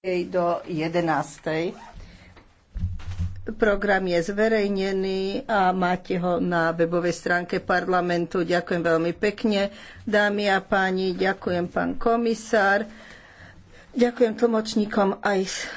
do 11. Program je zverejnený a máte ho na webovej stránke parlamentu. Ďakujem veľmi pekne. Dámy a páni, ďakujem pán komisár. Ďakujem tlmočníkom aj